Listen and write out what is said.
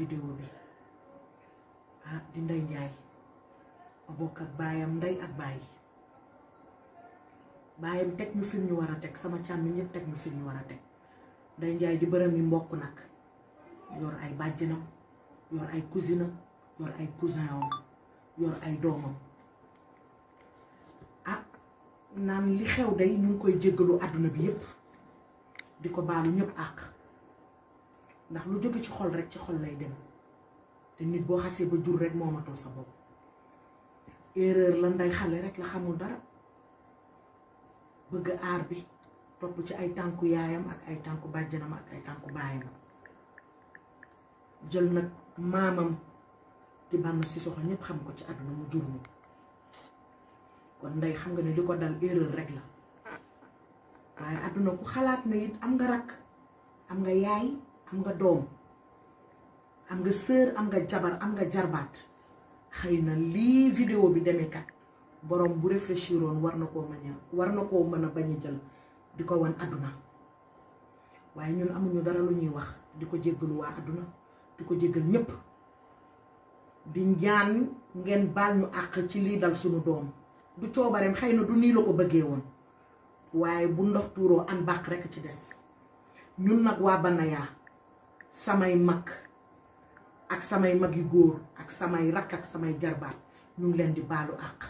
vidéo bi ah, di Ndeye Ndiaye ma bokk ak baayam ndey ak baay baayam teg ñu fi ñu war a teg sama càmmiñ ñëpp teg ñu fi ñu war a teg Ndeye Ndiaye di bërëm yi mbokk nag yor ay bàjjenam yor ay cousinam yor ay cousin yor ay doomam ah naan li xew day ñu ngi koy jéggalu àdduna bi yépp di ko baalu ñëpp àq ndax lu jóge ci xol rek ci xol lay dem te nit boo xasee ba jur rek moomatoo sa bopp erreur la nday xale rek la xamul dara bëgg aar bi topp ci ay tànku yaayam ak ay tànku bàjjanam ak ay tànku baayam jël nag maamam di bànn si soxo ñëpp xam ko ci àdduna mu jur ni kon nday xam nga ni li ko dal erreur rek la waaye àdduna ku xalaat na it am nga rakk am nga yaay am nga doom am nga sœur am nga jabar am nga jarbaat xëy na lii vidéo bi demee kat borom bu réfléchiroon war na koo mën a war na koo mën a bañ a jël di ko wan àdduna waaye ñun amuñu dara lu ñuy wax di ko jéggalu waa àdduna di ko jéggal ñépp di ñaan ngeen baal ñu àq ci lii dal suñu doom du coobareem xëy na du nii la ko bëggee woon waaye bu ndox tuuroo an bàq rekk ci des ñun nag waa Banaya samay mag ak samay mag magi góor ak samay rakk ak samay jarbaat ñu ngi leen di baalu àq